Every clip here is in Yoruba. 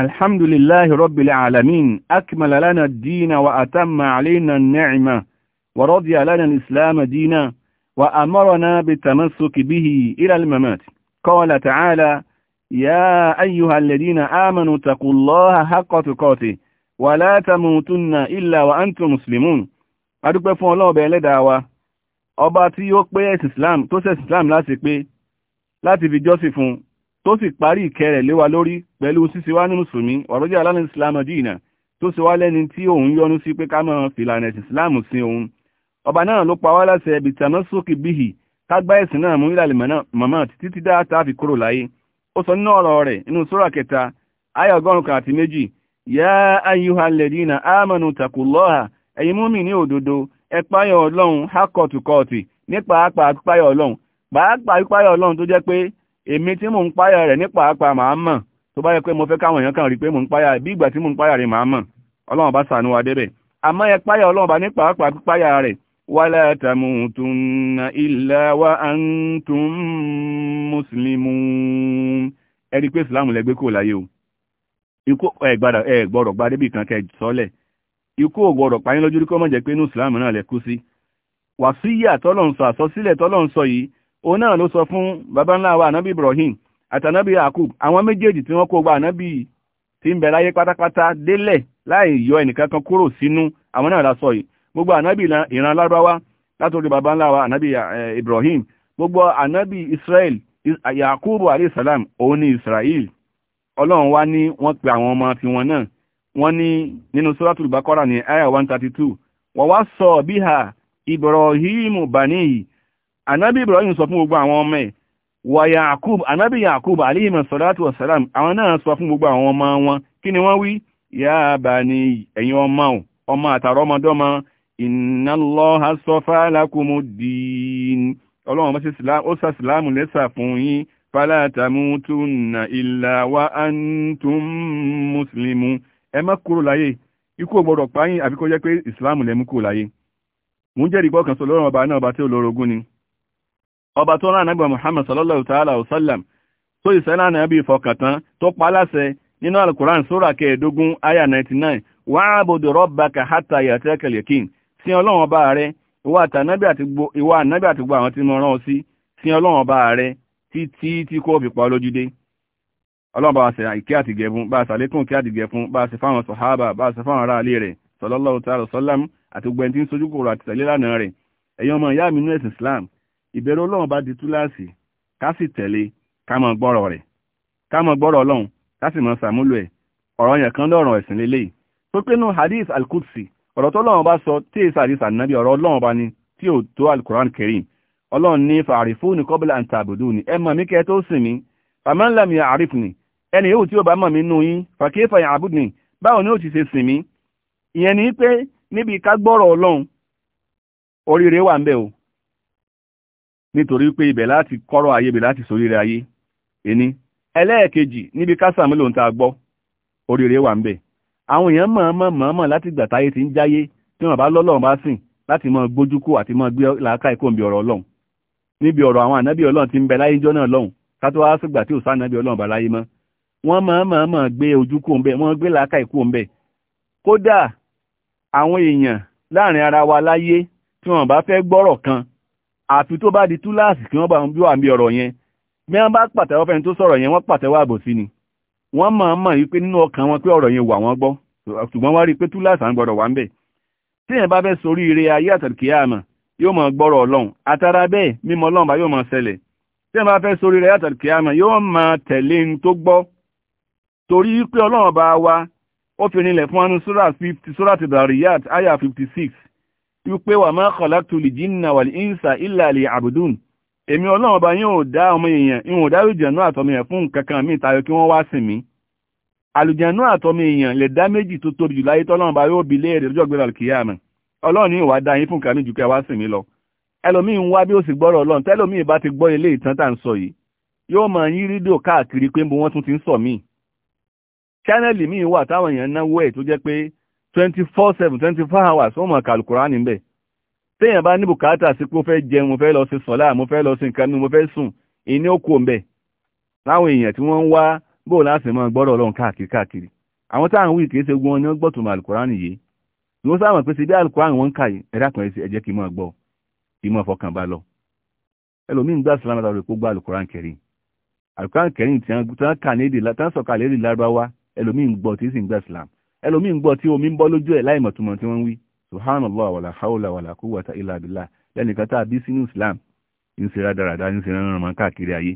alhamdulillahi rabbil alamin akmala lana ad-dina wa atamma alayna an-ni'ma wa radiya lana al-islam dinan wa amarna bitamassuki bihi ila al-mamat qala ta'ala يا أيها الذين آمنوا اتقوا الله حق تقاته ولا تموتن إلا وأنتم مسلمون adúpẹ́ fún ọlọ́ọ̀bẹ̀ ẹlẹ́dàá wa ọba tí ó pé ẹ̀sìn islam tó ṣẹ̀sìn islam láti pé láti fi jọ́sìn fún tó sì parí ìkẹ́ léwa wa lórí pẹ̀lú ṣíṣe wá ní mùsùlùmí ọ̀rọ̀jà aláàlẹ́ ìsìlámù dìínà tó ṣe wá lẹ́ni tí òun yọ́nú sí pé ká máa fìlànà ẹ̀sìn ìsìlámù sí òun ọba náà ló pa wá láṣẹ ẹbí tàmọ́ sókè bíhì tágbá ẹ̀sìn náà mú ìlàlẹ̀ mọ̀mọ́ títí tá a fi kúrò láyé ó sọ nínú ọ̀rọ̀ rẹ̀ kẹta ayé ọgọ́rùn kan àti méjì yá ámanu ẹ̀yin ní òdodo ẹ páyọ̀ ọlọ́run nípa èmi tí mò ń páyà rẹ̀ ní pàápàá màá mọ̀ tó bá yẹ pé mo fẹ́ káwọn èèyàn kan rí pé mò ń páyà bí ìgbà tí mò ń páyà rẹ̀ màá mọ̀ ọlọ́run bá sànú wa débẹ̀ àmọ́ ẹ páyà ọlọ́run bá ní pàápàá pípáyà rẹ̀ a tamutunna illa wa antum muslimun ẹ rí pé gbé láyé o ikú ẹ gba débì kan ikú ò òun náà ló sọ fún baba ńlá wa ànábì Ibrahim àtànábì Yakub àwọn méjèèjì tí wọ́n kó gba ànábì tí ń bẹ láyé pátápátá délẹ̀ láì yọ ẹnìkankan kúrò sínú àwọn náà la sọ yìí gbogbo ànábì ìran lárúbáwá látòrí baba ńlá wa ànábì eh, Ibrahim gbogbo ànábì Israel Yakubu alayhi salam òun ni Israel ọlọ́run wá ní wọ́n pe àwọn ọmọ tí wọn náà wọ́n ní nínú suratul Baqara ní aya 132 wa wassa biha Ibrahimu banihi anábì ibrahim sọ fún gbogbo àwọn ọmọ ẹ̀ wà yaakub anábì yaakub alayhi masalatu wasalam àwọn náà sọ fún gbogbo àwọn ọmọ wọn kí ni wọ́n wí ya bani ẹ̀yin ọmọ ọmọ àtàrọ ọmọdọ́mọ inna Allaha safa lakumuddin ọlọ́run bá ṣe ìsìláàmù lẹ́sà fún yín fala tamutunna illa wa antum muslimun ẹ má kúrò láyé ikú ò gbọdọ̀ pa yín àbí kó jẹ́ pé ìsìláàmù lẹ́mú kúrò láyé mo jẹ́rìí gbọ́kànṣọ́ lọ́rùn ọba náà ọba tí ó lọ́rọ̀ ogún ni ọba tó rán anábì muhammad sallallahu ta'ala wa sallam tó ìsẹ́lá anábì ìfọkàntán tó pa láṣẹ nínú alukuran sura kẹẹ̀ẹ́dógún aya 99 wà á bòdò rabbaka hatta yatakal yakin sí ọlọ́run ọba rẹ ìwà ànábì àti gbogbo àwọn tí mo rán ọ sí sí ọlọ́run ọba rẹ títí tí kò fi pa lójú dé ọlọ́run bá ṣe àìkẹ́ àtìgẹ̀ fún bá ṣe àlékún kí àtìgẹ̀ fún bá ṣe fáwọn sọ̀hábà bá ṣe fáwọn ará rẹ̀ sallallahu ta'ala àti gbẹ̀ntín sojúkòrò àti tẹ̀lé lánàá rẹ̀ ẹ̀yin ọmọ ìyá mi nú ẹ̀sìn islam ìbẹ̀rù ọlọ́run bá di túláàsì ká sì tẹ̀lé ká mọ gbọ́rọ̀ rẹ̀ ká mọ gbọ́rọ̀ ọlọ́run ká sì mọ sàmúlò ẹ̀ ọ̀rọ̀ yẹn kan lọ́rọ̀ ẹ̀sìn lélẹ́yìí tó pé nù hadith al-Qudsi ọ̀rọ̀ tó ọlọ́run bá sọ tí èsì àdìsà nàbí ọ̀rọ̀ ọlọ́run bá ní tí ò tó al-Qur'an Karim ọlọ́run ní fa'arifuni qabla an ta'buduni ẹ mọ̀ mí kẹ́ tó sìn mí faman lam ya'rifni ẹni yóò tí ó bá mọ̀ mí nú yín fa kayfa ya'budni báwo ni ó ti ṣe sìn mí ìyẹn ni pé níbi ká gbọ́rọ̀ ọlọ́run oríire wà ń bẹ o nítorí pé ibẹ̀ láti kọ́rọ̀ ayé ibẹ̀ láti sórí rẹ̀ ayé ẹni ẹlẹ́ẹ̀kejì níbi kásà mélòó ń ta gbọ́ oríire wà ń bẹ̀ àwọn èèyàn mọ̀ọ́mọ̀ mọ̀ọ́mọ̀ láti gbà táyé ti ń jáyé tí wọ́n bá lọ́lọ́run bá sìn láti mọ gbójúkú àti mọ gbé làákà ikú òǹbí ọ̀rọ̀ ọlọ́run níbi ọ̀rọ̀ àwọn ànábì ọlọ́run ti ń bẹ láyé jọ́ náà lọ́hùn ká tó wá sígbà tí ò sáànábì ọlọ́run bá láyé mọ́ wọ́n mọ̀ọ́mọ̀ gbé ojúkú òǹbẹ wọ́n gbé làákà ikú òǹbẹ kódà àwọn èèyàn láàrin ara wa láyé tí wọ́n bá fẹ́ gbọ́rọ̀ kan àfi tó bá di túláàsì kí wọ́n bá wọn bí wà ń bí ọ̀rọ̀ yẹn bí wọ́n bá pàtẹ́wọ́ fẹ́ni tó sọ̀rọ̀ yẹn wọ́n pàtẹ́wọ́ àbòsí ni wọ́n mọ̀ mọ̀ yí pé nínú ọkàn wọn pé ọ̀rọ̀ yẹn wà wọ́n gbọ́ ṣùgbọ́n wọ́n rí i pé túláàsì àwọn gbọ́dọ̀ wà ń bẹ̀ tí èèyàn bá fẹ́ sorí ire ayé àtàlùkìyàmà yóò mọ̀ gbọ́rọ̀ ọlọ́run àtàrà bẹ́ẹ̀ mímọ̀ ọlọ́run bá yóò mọ̀ ṣẹlẹ̀ tí fifty six wípé wà máa khalaqtu lil jinna wal insa illa liya'budun èmi ọlọ́run ọba yóò dá ọmọ èèyàn ìwọ̀n dárí ìjànú àtọmọ èèyàn fún nǹkan kan míì tayọ kí wọ́n wá sìn mí àlùjànú àtọmọ èèyàn lè dá méjì tó tóbi jù láyé tọ́lọ́run ọba yóò bi léèrè lọ́jọ́ gbéra kìyàmù ọlọ́run yóò wá dá yín fún nǹkan míì jù kẹ́ wá sìn mí lọ ẹlòmíì ń wá bí twenty four seven twenty four hours wọ́n mọ̀ kàlùkùrá níbẹ̀ téèyàn bá ní bùkátà sí pé ó fẹ́ jẹun mo fẹ́ lọ sí sọ̀lá mo fẹ́ lọ sí nǹkan mi mo fẹ́ sùn ìní ó kú òǹbẹ̀ láwọn èèyàn tí wọ́n ń wá bóò láti mọ gbọ́dọ̀ ọlọ́run káàkiri káàkiri àwọn táwọn wí kìí ṣe gun ọ ní wọ́n gbọ́tùmọ̀ àlùkùránì yìí ni wọ́n sábà pé ṣe bí àlùkùránì wọ́n ń kà yìí ẹ̀dá kan ẹ̀ jẹ́ kí mọ̀ gbọ́ kí mọ̀ fọkàn bá lọ ẹlòmíì ń gbọ́ tí omi ń bọ́ lójú ẹ̀ láì mọ̀túmọ̀ tí wọ́n wí subhanallah wàlà haúlà wàlà kúwàtà ilà abilà lẹ́nìkan tá a bí sínú islam ń ṣe rádaràdá ń ṣe rán ọmọ káàkiri ayé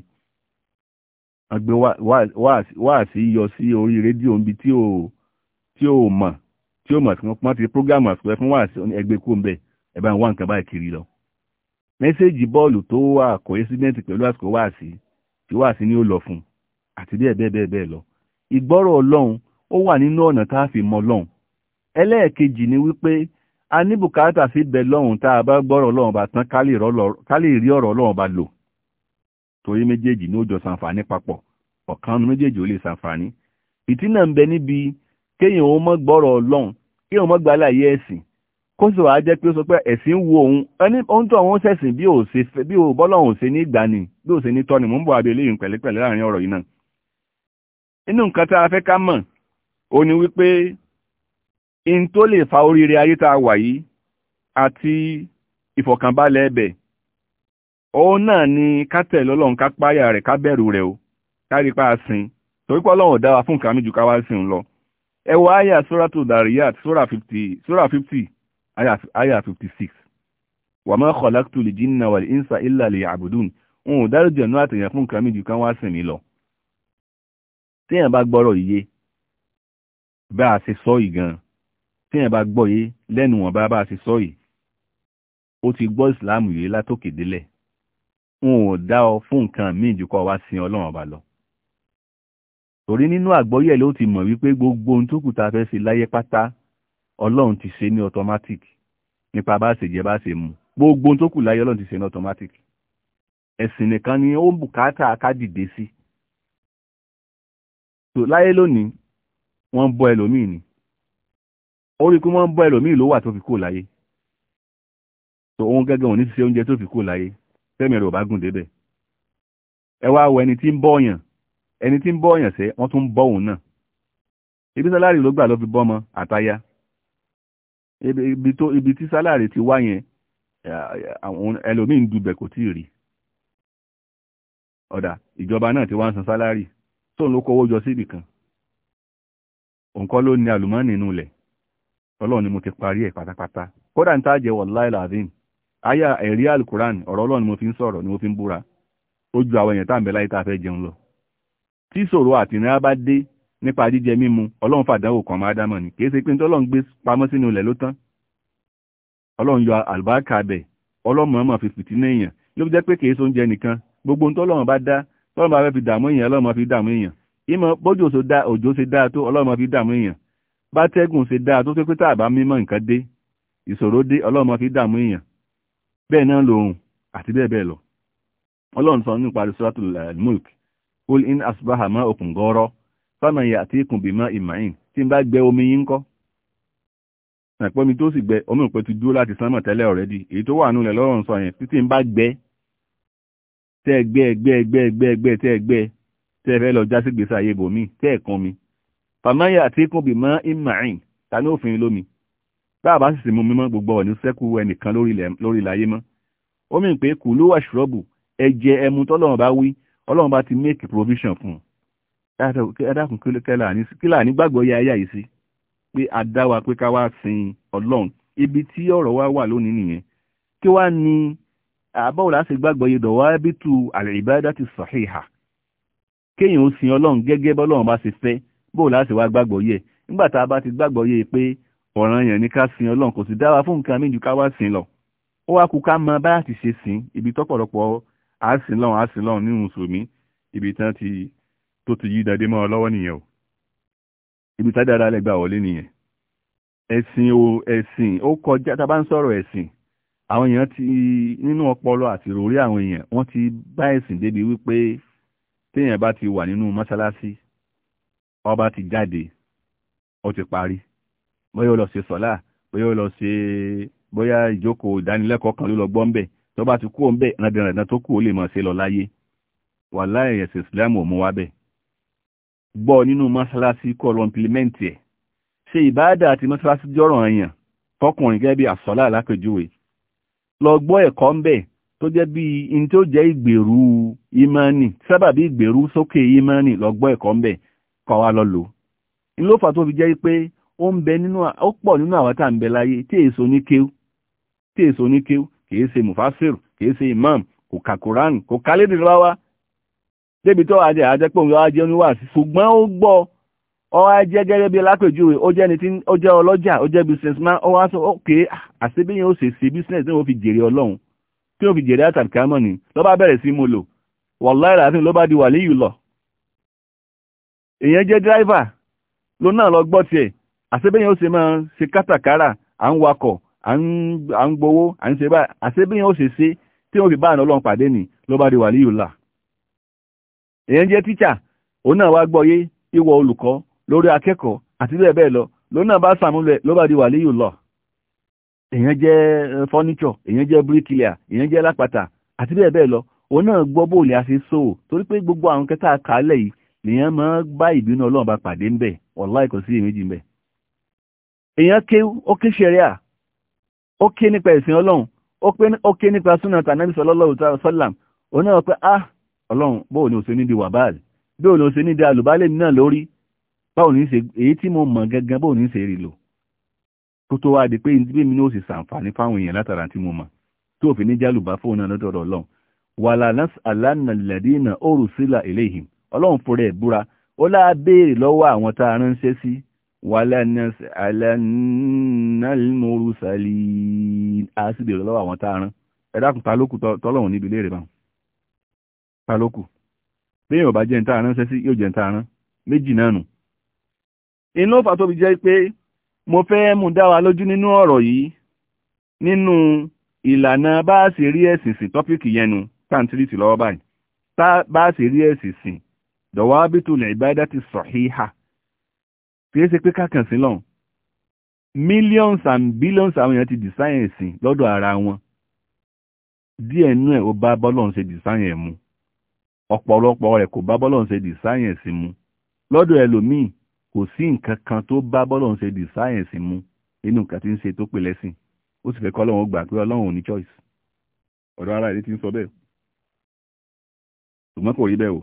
wọ́n gbé wáàsí yọ sí orí rédíò níbi tí ò tí ò mọ̀ tí ò mọ̀ tí wọ́n ti prógámù àsìkò fún wáàsí ẹgbẹ́ kó ń bẹ̀ ẹ bá ń wá nǹkan báyìí kiri lọ mẹ́sẹ́ẹ̀jì bọ́ọ̀lù tó wà coincident pẹ̀lú àsìkò wáàsí tí wáàsí ni ó lọ fún àti bẹ́ẹ̀ bẹ́ẹ̀ bẹ́ẹ̀ lọ ìgbọ́rọ̀ ọlọ́run ó wà nínú ọ̀nà tá a fi mọ lọ́hùn ẹlẹ́ẹ̀kejì ni wípé a ní bùkátà sí bẹ lọ́hùn tá a bá gbọ́rọ̀ lọ́hùn bá tán ká lè rí ọ̀rọ̀ lọ́hùn bá lò torí méjèèjì ní ó jọ ṣàǹfààní papọ̀ ọ̀kan nu méjèèjì ó lè ṣàǹfààní ìtínà ń bẹ níbi kéèyàn ó mọ́ gbọ́rọ̀ ọlọ́run kéèyàn mọ́ gba láyé ẹ̀sìn kó sì wàá jẹ́ pé ó sọ pé ẹ̀sìn wo òun ẹni ohun tó àwọn sẹ̀sìn bí ò bọ́lọ́run ò ṣe ní ìgbà ni bí ò ṣe ní tọ́ni mò ń bọ̀ abẹ́ eléyìí pẹ̀lẹ́pẹ̀lẹ́ láàrin ọ̀rọ̀ yìí náà inú nǹkan tá a fẹ́ ká mọ̀ ó ní wípé in tó lè fa oríire ayé tá a wà yìí àti ìfọ̀kànbalẹ̀ ẹbẹ̀ òun náà ni ká tẹ̀lé Ọlọ́run ká páyà rẹ̀ ká bẹ̀rù rẹ̀ o ká rí pa sìn torí pé Ọlọ́run dá wa fún nǹkan mi ju ká wá sìn lọ ẹ wo àyà sóràtò dàríyàt sórà 50 sórà 50 àyà 56 wà má khalaqtu lil jinna wal insa illa liya'budun òun ò dárò jẹ̀nú àtẹ̀yàn fún nǹkan mi ju ká wá sìn mi lọ téèyàn bá gbọ́rọ̀ yìí bá a ṣe sọ yìí gan tí ẹ̀ bá gbọ́ yé lẹ́nu wọn bá bá a ṣe sọ yìí ó ti gbọ́ ìsìláàmù yìí látòkè délẹ̀ wọn ò dá ọ fún nǹkan míì jù kọ́ wá sin ọlọ́run ọba lọ torí nínú àgbọ́yẹ̀ ló ti mọ̀ wípé gbogbo ohun tó kù tá a fẹ́ ṣe láyé pátá ọlọ́run ti ṣe ní automatic nípa bá ṣe jẹ bá ṣe mu gbogbo ohun tó kù láyé ọlọ́run ti ṣe ní automatic ẹ̀sìn nìkan ni ó ń bùkátà ká dìde sí. láyé lónìí wọ́n ń bọ́ ẹlòmíì ni orí pé wọ́n ń bọ́ ẹlòmíì ló wà tó fi kú láyé tó òun gẹ́gẹ́ òní ṣe oúnjẹ tó fi kú láyé fẹ́mi rẹ̀ ò bá gùn débẹ̀ ẹ wá wo ẹni tí ń bọ́ọ̀yàn ẹni tí ń bọ́ọ̀yàn sẹ́ wọ́n tún ń bọ́ òun náà ibi sálárì ló gbà ló fi bọ́mọ àtayá ibi tí sálárì ti wá yẹn ẹlòmíì ń dubẹ̀ kò tíì rí ọ̀dà ìjọba náà ti wá ń san sálárì tóun ló kówó jọ síbì kan òun kọ́ ló ní àlùmọ́ọ́nì inú ilẹ̀ ọlọ́run ni mo ti parí ẹ̀ pátápátá kódà ní táàjẹ́ wallahi lazim aya ẹ̀rí alukuran ọ̀rọ̀ ọlọ́run ni mo fi ń sọ̀rọ̀ ni mo fi ń búra ó ju àwọn èèyàn táàmì láyé tá a fẹ́ jẹun lọ tí ìṣòro àti ìnira bá dé nípa jíjẹ mímu ọlọ́run fàdánwò kan máa dámọ̀ ni kì í ṣe pé tọ́lọ́run gbé pamọ́ sínú ilẹ̀ ló tán ọlọ́run yọ àlùbáríkà bẹ̀ ọlọ́run ọmọ fi fìtí ní èèyàn ló fi jẹ́ pé kì í ṣe oúnjẹ nìkan gbogbo ohun tọ́lọ́run bá dá tọ́lọ́run bá fẹ́ ìmọ̀ bójú òjò ṣe dáa tó ọlọ́mọ fi dààmú èèyàn bá tẹ́gùn ṣe dáa tó tó pé tàbá mímọ́ nǹkan dé ìṣòro dé ọlọ́mọ fi dààmú èèyàn bẹ́ẹ̀ náà lòun àti bẹ́ẹ̀ lọ ọlọ́run sọ nípa Mulk in asbaha ma'ukum ghara faman ya'tikum bima'in ma'in tí n bá gbẹ omi yín kọ́ àpọ́mi tó sì gbẹ omi òpẹ́ ti dúró láti sánmọ̀ tẹ́lẹ̀ èyí tó wà sọ yẹn títí gbẹ tẹ́ tẹ́ fẹ́ lọ jásí gbèsè ayé bòmí tẹ́ ẹ̀kan mi fàmáyà àti kùnbì mọ́ imarin ta ní òfin lómi tá a bá sì sì mú mímọ́ gbogbo ọ̀ní sẹ́kù ẹnìkan lórí láyé mọ́ ó mìn pé kù ló wà ṣùrọ́bù ẹ̀jẹ̀ ẹmu tọ́lọ́run bá wí ọlọ́run bá ti make provision fún un ẹ̀dákun kílà nígbàgbọ́ ya ẹ̀yà yìí sí pé a dá wa pé ká wá sin ọlọ́run ibi tí ọ̀rọ̀ wa wà lónìí nìyẹn kí wá ní àbáwò láti gbàgbọ́ yedọ̀ wá bí tu al-ibadati sahiha kéèyàn ó sin ọlọ́run gẹ́gẹ́ bọ́lọ́run bá ṣe fẹ́ bó láti wá gbàgbọ́ yẹ nígbà tá a bá ti gbàgbọ́ yẹ e pé ọ̀ràn yẹn ni ká sin ọlọ́run kò sì dára fún nǹkan méjì ká wá sin lọ ó wá kú ká mọ bá láti ṣe sin ibi tọ́pọ̀lọpọ̀ àásìn lọ́run àásìn lọ́run nínú mùsùlùmí ibi tán ti tó ti yí dàdé mọ́ ọ lọ́wọ́ nìyẹn o ibi tá dára lẹ gbà wọlé nìyẹn ẹ̀sìn o ẹ̀sìn ó kọjá tá a bá ń sọ̀rọ̀ ẹ̀sìn àwọn èèyàn ti nínú ọpọlọ àti ìròrí àwọn èèyàn wọ́n ti bá ẹ̀sìn débi wípé téèyàn bá ti wà nínú mọ́ṣáláṣí ọba ti jáde ó ti parí bóyá ó lọ ṣe sọ́lá bóyá ó lọ ṣe bóyá ìjókòó ìdánilẹ́kọ̀ọ́ kan ló lọ gbọ́ ń bẹ̀ tó bá ti kú ń bẹ̀ ẹ̀rọ̀dẹ̀rẹ̀dẹ̀ tó kù ó lè mọ̀ ṣe lọ láyé wà láì ẹ̀sìn ìsìlámù ò mú wá bẹ̀ gbọ́ nínú mọ́ṣáláṣí kọ́ lọ ìmplimẹ́ǹtì ẹ̀ ṣe ìbáàdà àti mọ́ṣáláṣí jọ̀rọ̀ ẹ̀yàn fọkùnrin gẹ́gẹ́ bí àsọ́lá lápèjúwe lọ gbọ́ ẹ̀kọ́ ń tó jẹ́ bí in tó jẹ́ ìgbèrú ìmánì sábàbí ìgbèrú sókè ìmánì lọ́gbọ́ ẹ̀kọ́ ń bẹ̀ kọ́ wa lọ lò ní ló fà tó fi jẹ́ pé ó ń bẹ nínú ó pọ̀ nínú àwọn tá à ń bẹ láyé tí èso ní kéw tí èso ní kéw kìí ṣe mufasir kìí ṣe imam kò ka Quran kò ka lédè lọ́wọ́ wa débi tó àjẹ àjẹpọ̀ òun yóò jẹ́ oníwà sí ṣùgbọ́n ó gbọ́ ọ wá jẹ́ gẹ́gẹ́ bí lápèjúwe ó jẹ́ ni tí ó jẹ́ ọlọ́jà ó jẹ́ businessman ó wá sọ ókè àṣebíyàn ó ṣe ṣe business ní wọ́n fi jèrè ọlọ́run tí ó fi jèrè àtàkàmọ̀ ni ló bá bẹ̀rẹ̀ sí mo lò wàláì ràásìn ló bá di wàlíyù lọ èèyàn jẹ́ dráìvà ló náà lọ gbọ́ tiẹ̀ àṣebéyàn ó se máa se kátàkárà à ń wakọ̀ à ń gbowó à ń ṣe báyìí àṣebéyàn ó se ṣe tí wọ́n fi bá àná ọlọ́run pàdé ni ló bá di wàlíyù là èèyàn jẹ́ tíṣà òun náà wá gbọ́yé ìwọ olùkọ́ lórí akẹ́kọ̀ọ́ àti bẹ́ẹ̀ bẹ́ẹ̀ lọ ló náà bá sàmúlẹ̀ ló bá di wàlíyù lọ èèyàn jẹ́ fọ́níṣọ̀ èèyàn jẹ́ bíríkìlà èèyàn jẹ́ lápàtà àti bẹ́ẹ̀ bẹ́ẹ̀ lọ òun náà gbọ́ bó lè a ṣe sóò torí pé gbogbo àwọn kẹta kálẹ̀ yìí lèèyàn máa bá ìbínú ọlọ́run bá pàdé ń bẹ̀ wàláì kò sí èméjì ń bẹ̀. èèyàn ké ó ké ṣẹ̀ríà ó ké nípa ìsìn ọlọ́run ó ké nípa súnà tànàbí sallallahu ta'ala sallam òun náà pé ah ọlọ́run bóò ni òṣèlú di wàbáàlì bóò ni òṣèlú di àlùbálẹ̀ náà lórí báwo ni ṣe èyí tí mo mọ̀ gangan bóò ni ṣe rí lò kó tó wá di pé níbi mi ní ó sì sàǹfààní fáwọn èèyàn látara tí mo mọ̀ tó òfin ní jálùbá fóun náà lọ́dọ̀ ọlọ́run wàlà alánà lẹ́dínà òrù sílà eléyìí ọlọ́run fúnra ẹ̀ búra ó láà béèrè lọ́wọ́ àwọn tá a ránṣẹ́ sí wàlà alánà lóru sàlì á sì béèrè lọ́wọ́ àwọn tá a rán ẹ dákun ta lókù tọ́lọ́run níbi léèrè báwọn ta lókù béèyàn ò jẹ́ ní tá a ránṣẹ́ sí yóò jẹ́ ní tá a rán méjì náà nù inú fà jẹ́ pé mo fẹ́ mú dá wa lójú nínú ọ̀rọ̀ yìí nínú ìlànà bá a ṣe rí ẹ̀sìn sìn tọ́pìkì yẹn nu táǹtírìtì lọ́wọ́ báyìí bá a ṣe rí ẹ̀sìn sìn dọ̀wọ́ abitu lè ìbádá ti sọ̀híhà kì í ṣe pé kákan sí lọ́hùn millions and billions àwọn èèyàn ti design ẹ̀sìn lọ́dọ̀ ara wọn díẹ̀ nú ẹ̀ ó bá bọ́lọ́n ṣe design ẹ̀ mu ọ̀pọ̀lọpọ̀ rẹ̀ kò bá bọ́lọ́n ṣe design ẹ̀ sí mu lọ́dọ̀ ẹlòmíì kò sí nǹkan kan tó bá bọ́lọ́run ṣe di sáyẹ̀nsì mu nínú nǹkan tí ń ṣe tó pè lẹ́sìn ó sì fẹ́ kọ́ ọlọ́run gbà pé ọlọ́run ò ní choice ọ̀dọ̀ ara ìdí ti ń sọ bẹ́ẹ̀ ṣùgbọ́n kò rí bẹ́ẹ̀ o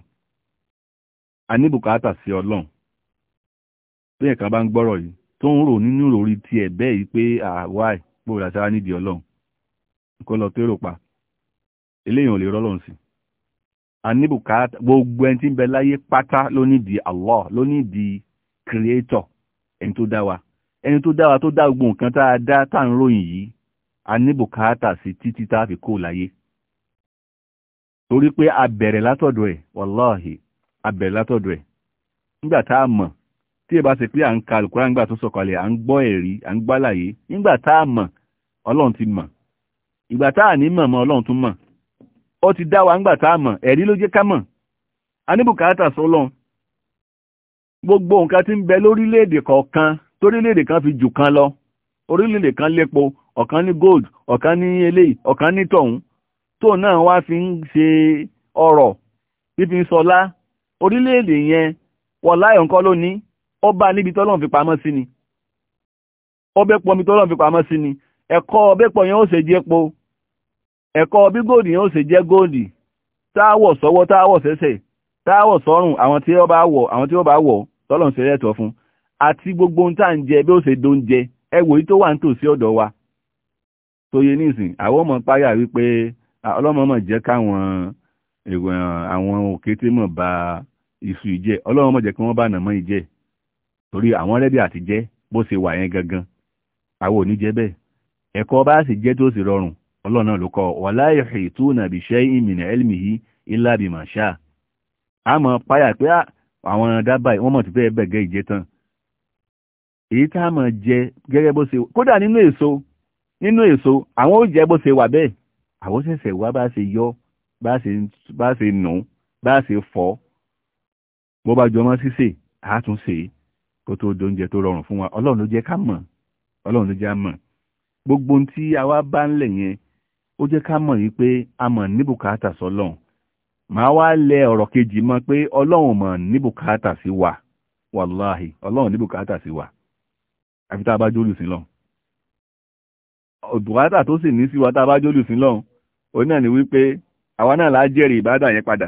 a ní bùkátà sí ọlọ́run tó yẹn kan bá ń gbọ́rọ̀ yìí tó ń rò nínú ìròrí tiẹ̀ bẹ́ẹ̀ yìí pé àwa ìgbòho àṣà nídìí ọlọ́run kó lọ tó èrò pa eléyìí ò lè rọ́lọ́run sí a ní bùkátà gbogbo ẹni tí ń bẹ láyé pátá lónídìí Allah lónídìí creator ẹni tó dá wa ẹni tó dá wa tó dá gbogbo nǹkan tá a dá tá ń ròyìn yìí a ní bùkátà sí títí tá a fi kó láyé torí pé a bẹ̀rẹ̀ látọ̀dọ̀ ẹ̀ wàláhì a bẹ̀rẹ̀ látọ̀dọ̀ ẹ̀ nígbà tá a mọ̀ tí ẹ bá à ń ka nígbà tó à ń gbọ́ ẹ̀rí à ń nígbà tá a mọ̀ ọlọ́run ti mọ̀ ìgbà tá a ní mọ̀ mọ̀ ó ti gbogbo nǹkan tí ń bẹ lórílẹ̀-èdè kọ̀ọ̀kan torílẹ̀-èdè kan fi jù kan lọ orílẹ̀-èdè kan lépo ọ̀kan ní gold ọ̀kan ní eléyìí ọ̀kan ní tọ̀hún tó náà wá fi ń ṣe ọ̀rọ̀ fífi ń sọlá orílẹ̀-èdè yẹn wọ̀n láyọ̀ ńkọ́ lónìí ó bá níbi tọ́lọ́run fi pamọ́ sí ni ọbẹ̀ pọ̀ mi tọ́lọ́run fi pamọ́ sí ni ẹ̀kọ́ ọbẹ̀ pọ̀ yẹn ó ṣe jẹ́ po ẹ̀kọ́ bí góòdì yẹn ó ṣe jẹ́ góòdì táwọ̀ sọ́wọ́ táwọ̀ sẹ́sẹ̀ táwọ̀ sọ́rùn àwọn tí ó bá wọ̀ àwọn tí ó bá wọ̀ tọ́lọ̀n ṣe rẹ̀tọ̀ fún àti gbogbo ohun tá à ń jẹ bí ó ṣe do ń jẹ ẹwò yìí tó wà nítòsí ọ̀dọ̀ wa tó yẹ nísìn àwọn ọmọ páyà wípé ọlọ́mọ mọ̀ jẹ́ káwọn àwọn òkété mọ̀ bá iṣu ìjẹ́ ọlọ́mọ mọ̀ jẹ́ kí wọ́n bá nàmọ́ ìjẹ́ torí àwọn rẹ́dí àti jẹ́ bó ṣe wà yẹn gangan àwọn ò jẹ́ bẹ́ẹ̀ ẹ̀kọ́ bá sì jẹ́ tó sì rọrùn ọlọ́run náà ló kọ́ wàláyé ìtúnàbíṣẹ́ ìmìnà ẹlmìhí ìlàbìmọ̀ṣáà a àmọ́ páyà pé ah, àwọn dábàá wọ́n mọ̀ ti fẹ́ bẹ̀gẹ́ ìjẹ tán èyí tá a mọ̀ jẹ gẹ́gẹ́ bó ṣe kódà nínú èso nínú èso àwọn ó jẹ bó ṣe wà bẹ́ẹ̀ àwọn ṣẹ̀ṣẹ̀ wá bá ṣe yọ bá ṣe nù bá ṣe fọ́ bó bá jọmọ́ ṣíṣe àátúnṣe kó tó dóúnjẹ tó rọrùn fún wa ọlọ́run ló jẹ́ ká mọ̀ ọlọ́run ló jẹ́ á mọ̀ gbogbo ohun tí a wá bá ń lẹ̀ yẹn ó jẹ́ ká mọ̀ yìí pé a mọ̀ ní bùkátà sọ́lọ́run màá wá lẹ ọ̀rọ̀ kejì mọ́ pé ọlọ́run mọ̀ ní sí wà wàláhì ọlọ́run ní sí wà àfi tá a bá jólù sí lọ́hùn tó sì ní sí wa tá a bá jólù sí lọ́hùn òun náà ni wípé àwa náà la jẹ́rì yẹn padà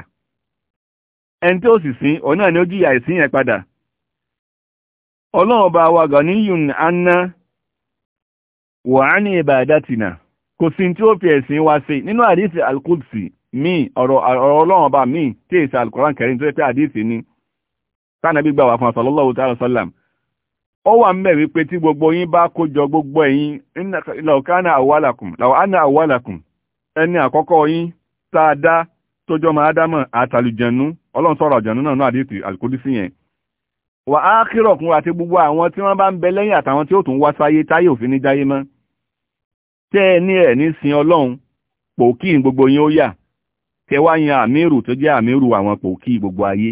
sì sín òun náà ni ó ní míì ọ̀rọ̀ ọlọ́run ọba míì tí èsì alukoran kẹrin tó yẹ pé àdìsí ni tánàbí gbà wà fún ọ̀sán lọ́lọ́wọ́ tààrà sọ́làm ó wà mẹ́ wípé tí gbogbo yín bá kójọ gbogbo ẹ̀yin lọ́kánà àwálàkùn làwọn àna ẹni àkọ́kọ́ yín tá a dá tójọ máa dámọ̀ àtàlùjẹ̀nu ọlọ́run sọ̀rọ̀ àjẹ̀nu náà náà àdìsí alukódísí yẹn wà á kírọ̀ fún àti gbogbo àwọn tí wọ́n bá ń bẹ lẹ́yìn àtàwọn tí ó tún wá sáyé táyé òfin ní jáyé mọ́ tẹ́ ẹ ní ẹ̀ ní sin ọlọ́run pò kí gbogbo yín ó yà kẹwàá wá yan àmírù tó jẹ́ àmírù àwọn pòkí gbogbo ayé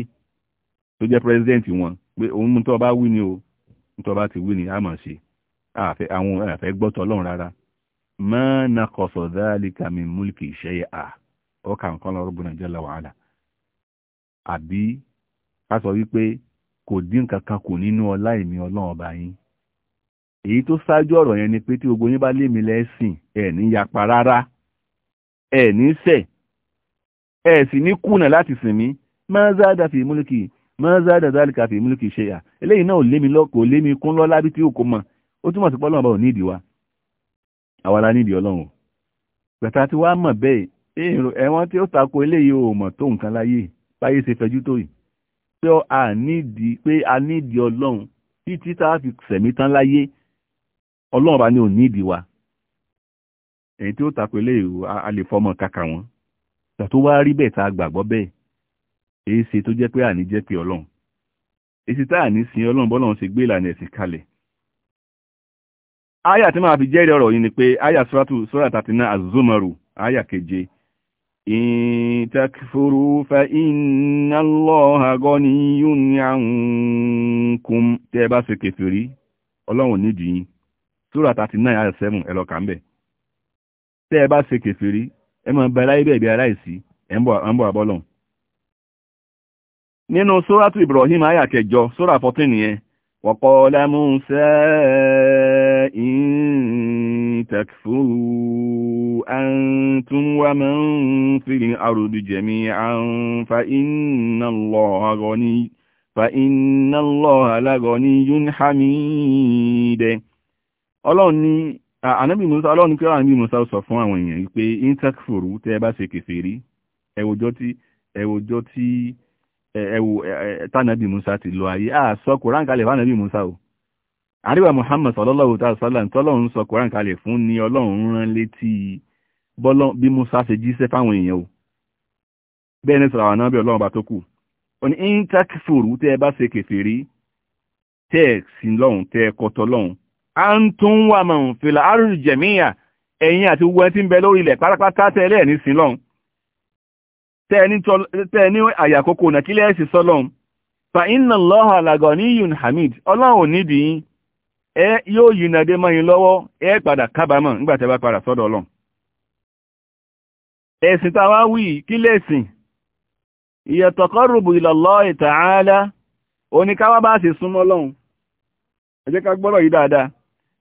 tó jẹ́ president wọn pé òun tó bá wí ni o tó bá ti wí ni a ṣe àwọn àfẹ́ gbọ́tọ̀ ọlọ́run rárá mọ́ na kọ̀sọ̀ dáálíkà mi múlìkì iṣẹ́ à ọkà nǹkan lọ́rọ̀ bùnà jẹ́ lọ wàhálà àbí ká sọ wípé kò dín kù nínú ọlá ìmí ọlọ́run ọba yín èyí tó ṣáájú ọ̀rọ̀ yẹn ni pé tí gbogbo yín bá lẹ́sìn ẹ̀ ní yapa rárá ẹ̀ ẹ sì ní kùnà láti sìn mí máa záàdà fi múlùkì máa záàdà zálìkà fi múlùkì ṣe yà eléyìí náà ò lémi lọ́kọ̀ lémi kún lọ́lá bí tí òkú mọ̀ ó túmọ̀ sí pé ọlọ́run bá ò nídìí wa àwa la nídìí ọlọ́run gbàtà tí wàá mọ̀ bẹ́ẹ̀ èrò ẹ̀wọ̀n tí ó tako eléyìí ò mọ̀ tó nǹkan láyé báyé ṣe fẹjú tó yìí pé a nídìí pé a nídìí ọlọ́run títí tí ó ìgbà tó wá rí bẹ́ẹ̀ tá a gbàgbọ́ bẹ́ẹ̀ èyí ṣe tó jẹ́ pé àní jẹ́ pé ọlọ́run èsì tá àní sin ọlọ́run bọ́lọ́run ṣe gbé ìlànà ẹ̀sìn kalẹ̀ áyà tí máa fi jẹ́rìí ọ̀rọ̀ yìí ni pé áyà sọ́ràtù sọ́ràtà tí náà azumaru áyà keje in takfuru fa inna Allaha ganiyyun ankum tẹ́ bá ṣe kèfèrí ọlọ́run nídìí sọ́ràtà tí sẹ́mù ẹ mọ̀ bẹ̀rẹ̀ ayé bẹ̀rẹ̀ aláìsí ẹ̀ ń àbọ́lọ̀ nínú sóràtù Ibrahim ayà kẹjọ sórà 14 nìyẹn وقال موسى إن تكفروا أنتم a في الأرض جميعا فإن الله غني فإن الله لغني حميد ọlọ́run ànábì musa ọlọ́run kí ànábì musa sọ fún àwọn èèyàn pé intakfuru tẹ́ bá ṣe kèfèrí ẹwòjọ́ tí ẹwòjọ́ tí ẹwò tánàbì musa ti lọ ayé a sọ koran kalẹ̀ fún ànábì musa o àríwá muhammad sallallahu ta'ala sallam tọ́lọ́run sọ koran kalẹ̀ fún ni ọlọ́run rán létí bí musa ṣe jíṣẹ́ fáwọn èèyàn o bẹ́ẹ̀ ni sọ̀rọ̀ àwọn ànábì ọlọ́run bá tó kù ó ní tẹ́ bá ṣe kèfèrí tẹ́ẹ̀ sí lọ́hùn tẹ́ẹ̀ kọ́tọ́ lọ́hùn antum wa man fil ardi jami'a ẹ̀yin àti gbogbo ẹni ń bẹ lórí ilẹ̀ pátápátá tẹ́lẹ̀ ní sin lọ́hun tẹ́ẹ̀ ní náà kílẹ̀ fa hamid ọlọ́run nídìí ẹ yóò mọ́yìn lọ́wọ́ ẹ padà kábàámọ̀ nígbà tẹ́ bá padà sọ́dọ̀ ẹ̀sìn wí kílẹ̀ ẹ̀sìn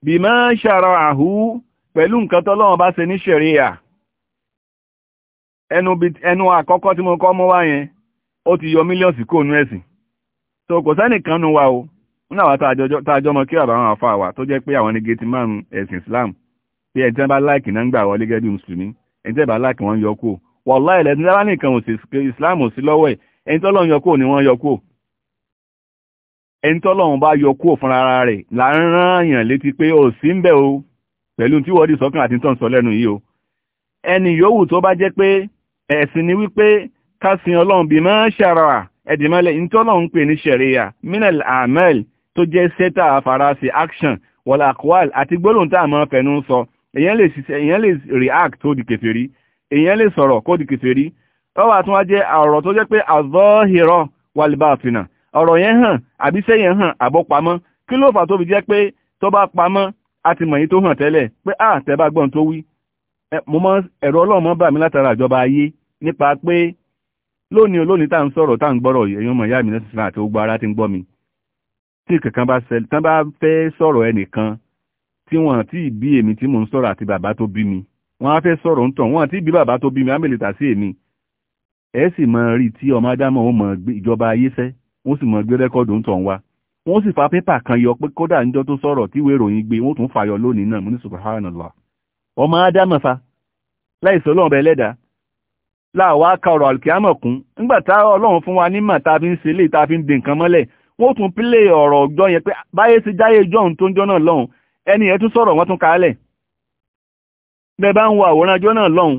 bima shara'ahu pẹ̀lú nǹkan tọ́lọ́wọ́n bá ṣe ní ṣẹ̀ríyà ẹnu àkọ́kọ́ tí mo kọ́ mọ́ wá yẹn ó ti yọ mílíọ̀nsì kó nú ẹ̀sìn so kò sẹ́nìkan nu wa o nínú àwọn tààjọ́ mọ́ kí ọ̀rọ̀ àwọn àfa wa tó jẹ́ pé àwọn ní gẹ́tì márùn ẹ̀sìn Islam pé ẹ̀jẹ̀ bá láìkì náà ń gbà wọlé gẹ́gẹ́ bí mùsùlùmí ẹ̀jẹ̀ bá láìkì wọ́n yọ kó wọ́n láìlẹ̀ ní lára nìkan Islam ò sí lọ́wọ́ ẹ̀ ẹni tọ́lọ́ ni wọ́n yọ ẹni tọ́lọ́run bá yọ kúrò fúnra ara rẹ̀ láàárán létí pé ò sí ń bẹ̀ o pẹ̀lú tí wọ́n di sọ́kàn àti tọ́ǹsọ lẹ́nu yìí o ẹni yòówù tó bá jẹ́ pé ẹ̀sìn ni wípé ká ọlọ́run bí máa ṣàrà ẹ̀dìmọ́lẹ̀ ní pè ní ṣẹ̀ríyà minel amel tó jẹ́ sẹ́tà àfarasí action wọ̀lá akwal àti gbólóhùn tá a máa fẹnu sọ èèyàn lè react tó di kèfèrí èèyàn lè sọ̀rọ̀ kó di kèfèrí ọwọ́ àtúnwájẹ́ àrọ̀ tó jẹ́ pé àzọ́ hìrọ̀ wàlíbà fìnà ọ̀rọ̀ yẹn hàn àbí sẹ́yìn hàn àbọ̀ pamọ́ kí ló fà tó fi jẹ́ pé tó bá pamọ́ a ti mọ̀ yín tó hàn tẹ́lẹ̀ pé à tẹ́ bá gbọ́n tó wí mo mọ ẹ̀rọ ọlọ́run mọ́ bà mí látara ìjọba ayé nípa pé lónìí olónìí tá à ń sọ̀rọ̀ tá à ń gbọ́rọ̀ ẹ̀yin ọmọ ìyá mi náà sísan àti ogbó ara ti ń gbọ́ mi tí kankan bá ṣẹlẹ̀ tán bá fẹ́ sọ̀rọ̀ ẹnìkan tí wọ́n ti bí èmi tí mò ń sọ̀rọ̀ àti bàbá tó bí mi wọ́n á fẹ́ sọ̀rọ̀ ń tàn wọ́n ti bí bàbá tó bí mi á mèlè tà sí èmi ẹ̀ sì mọ rí tí ọmọ adámọ̀ ó mọ ìjọba ayé fẹ́ wọ́n sì mọ̀ gbé rẹ́kọ́ọ̀dù ń tàn wá wọ́n sì fa pépà kan yọ pé kódà níjọ́ tó sọ̀rọ̀ tí ìwé ìròyìn gbé wọ́n tún fàyọ lónìí náà mo ní subhanallah ọmọ ádámọ̀ fa láìsọ ọlọ́run bẹ lẹ́dàá láàwá ka ọ̀rọ̀ àlùkìámọ̀ kún nígbà tá ọlọ́run fún wa nímọ̀ tá a fi ń ṣe léyìí tá a fi ń dè nǹkan mọ́lẹ̀ wọ́n tún pílé ọ̀rọ̀ ọjọ́ yẹn pé báyé ti jáyé jọ́hun tó ń jọ́ náà lọ́hùn ẹni yẹn tún sọ̀rọ̀ wọ́n tún kaálẹ̀ bẹ́ẹ̀ bá ń wo àwòrán ọjọ́ náà lọ́hùn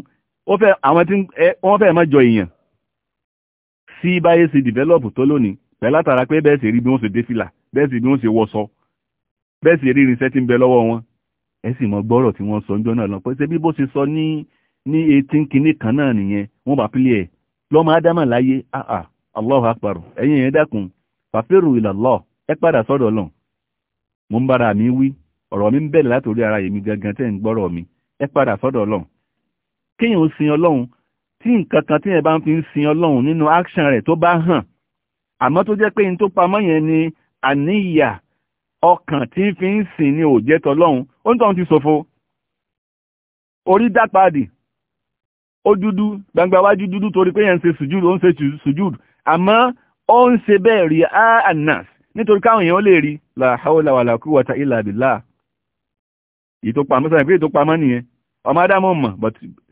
ó fẹ́ àwọn tí wọ́n fẹ́ mọ́ jọ èèyàn sí báyé ti dìvẹ́lọ́pù tó lónìí pẹ̀lú àtàrà pé bẹ́ẹ̀ sì rí bí wọ́n ṣe dé fìlà bẹ́ẹ̀ sì bí wọ́n ṣe wọṣọ bẹ́ẹ̀ sì rí irinṣẹ́ tí ń bẹ lọ́wọ́ wọn ẹ sì mọ gbọ́rọ̀ tí wọ́n sọ ń jọ́nà lọ pé ṣé bí bó ṣe sọ ní ní eighteen kinní kan náà nìyẹn wọ́n bá pílẹ̀ ẹ̀ lọ́mọ ádámà láyé àà Allahu akbar ẹ̀yin yẹn dákun fàfẹ́rù ìlàlọ́ ẹ padà sọ́dọ̀ lọ mo ń bára mi wí ọ̀rọ̀ mi ń bẹ̀rẹ̀ látòrí ara èmi gangan tẹ́ ń gbọ́rọ̀ mi ẹ padà sọ́dọ̀ lọ kéèyàn sin ọlọ́run tí nǹkan kan tí yẹn bá ń fi sin ọlọ́run nínú action rẹ̀ tó bá hàn àmọ́ tó jẹ́ pé n tó pamọ́ yẹn ni àníyà ọkàn tí ń fi ń sìn ní òjẹ́ tọlọ́hun ó ń tọ́hun ti ṣòfò orí dápadì ó dúdú gbangba wájú dúdú torí pé yẹn ń ṣe sùjúd ó ń ṣe sùjúd àmọ́ ó ń ṣe bẹ́ẹ̀ rí anas nítorí káwọn èèyàn ó lè rí la hawla wala quwwata illa billah ìtòpamọ́ sọ̀rọ̀ pé ìtòpamọ́ nìyẹn ọmọ adámọ̀ mọ̀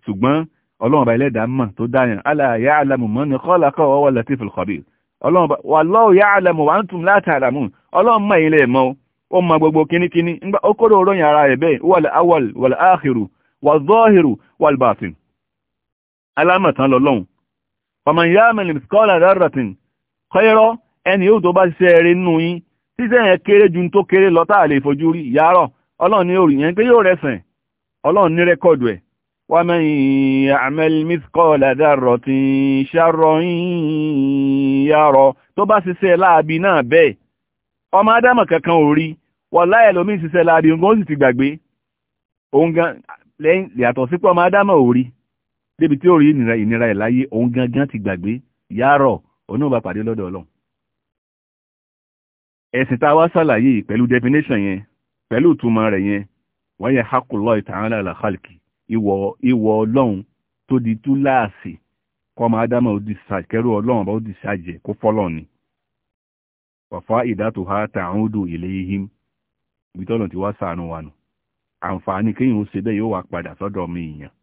ṣùgbọ́n ọlọ́run ọba ẹlẹ́dàá mọ̀ tó dáyàn ala ya'lamu man khalaqa wa huwa latiful khabir ọlọ́run wallahu ya'lamu wa antum la ta'lamun ọlọ́run mọ̀ ilẹ̀ mọ́ ó mọ gbogbo kíníkíní nígbà ó kóró ròyìn ara rẹ̀ bẹ́ẹ̀ wal awwal wal akhiru wal zahiru alámọ̀tán lọ́lọ́run ẹni yóò tó bá ṣiṣẹ́ nínú yín ṣíṣẹ́ yẹn kéré ju tó kéré lè fojú rí ọlọ́run ní yẹn pé yóò ọlọ́run ní ومن يعمل مثقال ذرة شرا يره tó bá ṣiṣẹ́ láabi náà bẹ́ẹ̀ ọmọ adámọ̀ kankan ò rí wàlá ẹlòmí ṣiṣẹ́ láabi nǹkan ó sì ti gbàgbé òun gan lẹ́yìn yàtọ̀ sí pé ọmọ adámọ̀ ò débi tí ó rí ìnira ìnira ẹ̀ láyé òun gangan ti gbàgbé yàrọ̀ òun pàdé lọ́dọ̀ ọlọ́run ẹ̀sìn tá a wá ṣàlàyé pẹ̀lú definition yẹn pẹ̀lú ìtumọ̀ rẹ̀ yẹn wọ́n yẹ hakulọ́ ìtàn án khalki ìwọ̀ ìwọ̀ ọlọ́run tó di túláàsì kọ́mọ ádámà ó di ṣàkẹ́rù ọlọ́run bá ó di ṣàjẹ́ kó fọ́lọ̀ ni wàfá ìdátò ha tààrùn odò ilé ihim ibi tọ́lọ̀ ti wá sàánú wa nù àǹfààní kéyìn ó ṣe bẹ́ẹ̀ yóò wá padà sọ́dọ̀ mi èèyàn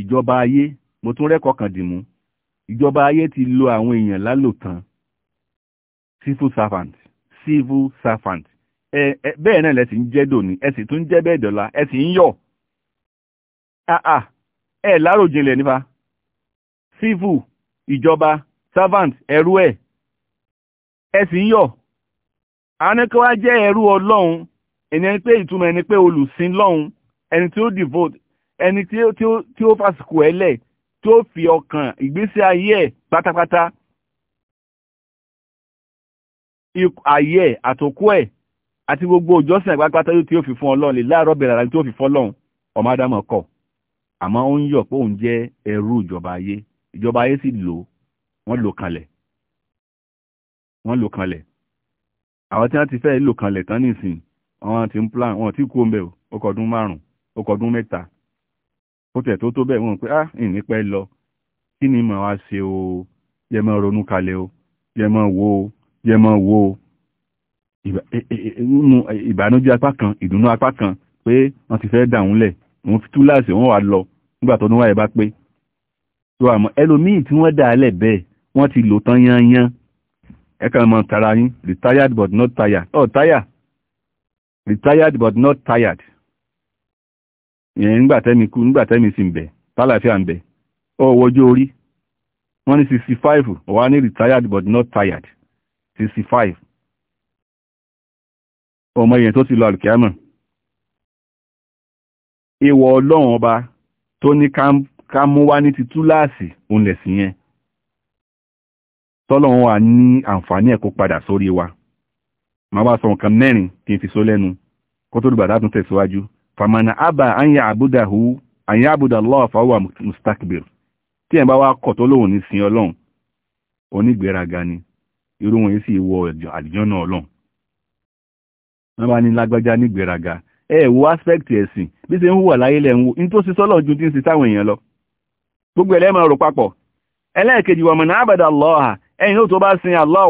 ìjọba ayé mo tún rẹ́kọ̀ọ́ kan dì mú ìjọba ayé ti lo àwọn èèyàn lálòtán civil servant civil servant bẹ́ẹ̀ náà lẹ́sìn jẹ́ dòní ẹ sì tún jẹ́ bẹ́ẹ̀ dọ̀la ẹ sì ń yọ̀ ẹ láròjinlẹ̀ nípa civil ìjọba servant ẹrú ẹ̀ ẹ sì ń yọ̀ aníkọ́wá jẹ́ ẹrú ọlọ́run ẹni ẹni pé ìtumọ̀ ẹni pé olùsìn lọ́run ẹni tí ó devote ẹni tí ó fàsìkò ẹlẹ̀ tí ó fi ọkàn ìgbésí ayé ẹ̀ pátápátá ayé ẹ̀ àtòkú ẹ̀ àti gbogbo òjọ́sìn àgbàgbàtà tí ó fi fún ọlọ́run lè láàárọ̀ bẹ̀rẹ̀ àti tí ó fi fún ọlọ́run ọmọ ádámọ̀ kọ̀ àmọ́ ó ń yọ̀ pé òun jẹ́ ẹrú ìjọba ayé ìjọba ayé sì lò wọ́n lò kanlẹ̀ wọ́n lò kanlẹ̀ àwọn tí wọ́n ti fẹ́ lò kanlẹ̀ tán nìsín wọ́n ti ń plan wọ́n ti kú ombẹ̀ ọkọ̀ ọdún márùn-ún ọkọ̀ ọdún mẹ́ta ó tó tó bẹ́ẹ̀ wọ́n ah ìní pẹ́ lọ ni màá o yẹ máa o yẹ wo o wo E- e- e- ìbànújẹ́ apá kan ìdùnnú apá kan pé wọ́n ti fẹ́ dàún lẹ̀ wọ́n fi túláàsì wọ́n wà lọ nígbà tó níwáyé bá pé tó àmọ́ ẹlòmíì tí wọ́n dà á lẹ̀ bẹ́ẹ̀ wọ́n ti lò tán yányán ẹ̀ka mọ̀ tara yín retired but not tired oh tired retired but not tired ìyẹn nígbà tẹ́mi kú nígbà tẹ́mi sì ń bẹ̀ tálàfíà ń bẹ̀ ó wọjọ́ orí wọ́n ní 65 ó wá ní retired but not tired 65 ọmọ èèyàn tó ti lọ àlùkìámọ̀ ìwọ̀ ọlọ́run ọba tó ní ká mú wá ní ti túláàsì òun lẹ̀sìn yẹn tọ́lọ́run wà ní àǹfààní ẹ̀kọ́ padà sórí wa màá wá sọ nǹkan mẹ́rin kí n fi só lẹ́nu kó tó dùgbàdá tún tẹ̀síwájú fàmànà àbà àyà àbúdàhù àyà àbúdà lọ́wọ́ fàwọ́ mustakbir tí ẹ̀ bá wá kọ̀ tó lóhùn ní sin ọlọ́run onígbéraga ni irú wọn yìí sì wọ àdìjọ́ náà ọlọ́run wọ́n bá ní lágbájá ní gbéraga ẹ wo aspect ẹ̀sìn bí ṣe ń hùwà láyé lẹ́ ń wo ní tó ṣe sọ́lọ̀ ju tí ń ṣe táwọn èèyàn lọ gbogbo ẹlẹ́mọ̀ rò papọ̀ ẹlẹ́ẹ̀kejì wọ̀mọ̀ náà àbàdà lọ́ọ̀hà ẹ̀yìn tó bá sin Allah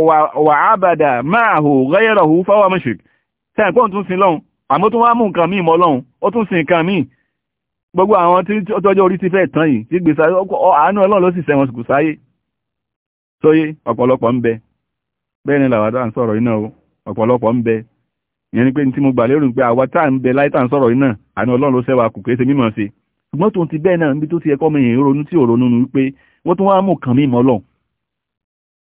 wà àbàdà máa hù gẹ́yẹ̀rọ̀ hù fáwọn mẹ́ṣẹ̀k tẹ́ẹ̀kọ́ tún sin lọ́hùn àmọ́ tún wá mú nǹkan míì mọ́ lọ́hùn ó tún sin nǹkan míì gbogbo àwọn tí ọjọ́ orí ti fẹ́ tán yìí tí gbèsè ni làwàdà ń sọ̀rọ̀ iná o ọ̀pọ̀lọpọ̀ ń bẹ ìyẹn ni pé tí mo gbà lérò pé àwa tá à ń bẹ láì tá à ń sọ̀rọ̀ yìí náà àní ọlọ́run ló sẹ́wà kù kéèsè mímọ̀ ṣe ṣùgbọ́n tó ti bẹ́ẹ̀ náà níbi tó ti ẹ̀kọ́ mi yìí ronú tí ò ronú ni pé wọ́n tún wá mú kan mí mọ́ lọ́n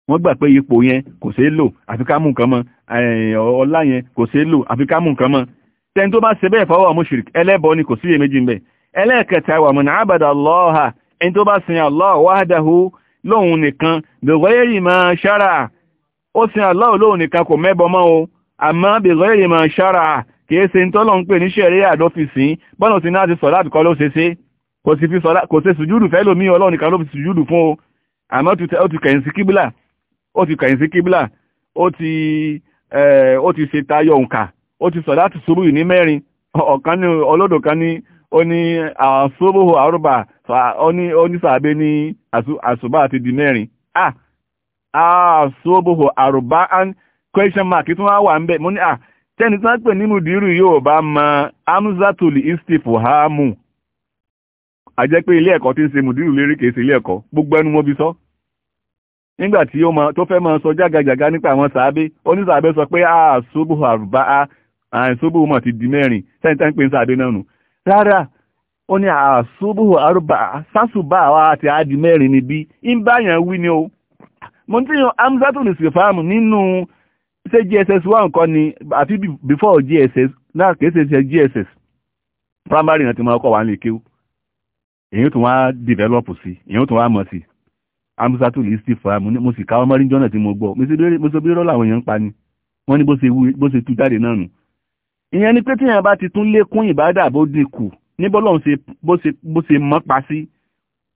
wọ́n gbà pé ipò yẹn kò ṣeé lò àfi ká mú nǹkan mọ́ ọlá yẹn kò ṣeé lò àfi ká mú nǹkan mọ́ tẹ́ni tó bá ṣe bẹ́ẹ̀ fọwọ́ mushrik ẹlẹ́bọ ni kò síyè méjì ń ẹlẹ́ẹ̀kẹta wà mọ̀nà àbàdà lọ́ọ̀hà ẹni tó bá sin Allah wahdahu lóhun nìkan dògọ́yẹ́yì máa ṣára ó sin Allah lóhun nìkan kò mẹ́bọ mọ́ o àmọ́ bèèrè èrè mọ̀ ṣára kìí ṣe tọ́lọ̀ ń pè ní ṣẹ̀rí àdọ́fisìn bọ́nà sí náà ti sọ láti kọ́ ló ṣe ṣe kò ṣe sùjúdù fẹ́ lómi ọlọ́run nìkan ló fi sùjúdù fún o àmọ́ ó ti kẹ̀yìn sí kíbílà ó ti kẹ̀yìn sí kíbílà ó ti ó ti ṣe tayọ òǹkà ó ti sọ láti ṣubú ní mẹ́rin ọ̀kan ní olódò kan ní ó ní àṣubú àrùbà ó ní sàbẹ ní àṣùbà àti di mẹ́rin àṣubú àrùbà question mark tún wá wà ń bẹ̀ mo ní à ah, tẹ́ni tí wọ́n pè ní mùdírù yóò bá mọ amúzátòlì istif hamu àjẹ́ pé ilé ẹ̀kọ́ tí ń ṣe mùdírù lérí kèé sí ilé ẹ̀kọ́ gbogbo ẹnu mo bí sọ nígbà tí ó tó fẹ́ mọ sọ jágajàga nípa àwọn sàábé onísàábé sọ pé a ṣubú àrùbá a ṣubú mọ̀ ti di mẹ́rin sẹ́ni tẹ́ ń pè ń sàábé náà nù rárá ó ní àṣubú ah, àrùbá sásùbá àwa àti àdì níbí ń báyàn wí ni o mo ní tí yan amúzátòlì sì nínú ṣé GSS one kọ́ ni àti before JSS náà kìí ṣe ṣe JSS primary náà ti máa kọ́ wà nílé kéwú èyí tó wá develop sí èyí tó wá mọ̀ sí amusatu lè sí fún amú mo sì ká ọmọ rí jọ́nà tí mo gbọ́ mo sọ bí rọ́lá àwọn èèyàn ń pa ni wọ́n ní bó ṣe tú jáde náà nù ìyẹn ni pé tíyẹn bá ti tún lékún ìbádà bó dínkù ní bọ́lọ́hún bó ṣe mọ́ pa sí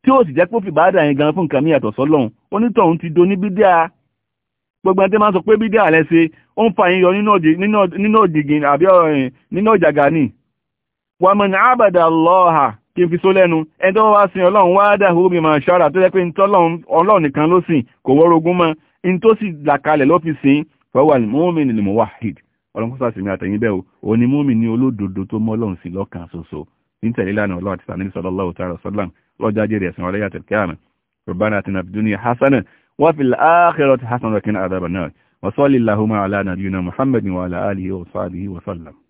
tí ó sì jẹ́ pé ó fi ìbádà yẹn gan fún nǹkan mi yàtọ̀ sọ́lọ́hún onítọ̀hún ti do ní bídíà gbogbo ẹni tí máa sọ pé bídí àlẹ́ ṣe ó ń fa yín yọ nínú òdìgìn àbí ọ̀rìn nínú ìjàgà ní wàmọ̀nà àbàdà lọ́ọ̀hà kí n fi só lẹ́nu ẹni tó wá sin ọlọ́run wá dà hó mi máa ṣọ́ra tó jẹ́ pé ọlọ́run nìkan ló sìn kò wọ́rogún mọ́ in tó sì ló fi sìn fọwọ́ o ní mọ́mì ni olódodo tó mọ́ ọlọ́run sí lọ́kàn ní tẹ̀lé ọlọ́run àti sọlọ́lá lọ́jà jẹ́rìí ẹ̀sìn وفي الآخرة حسنة ولكن عذاب النار وصلى اللهم على نبينا محمد وعلى آله وصحبه وسلم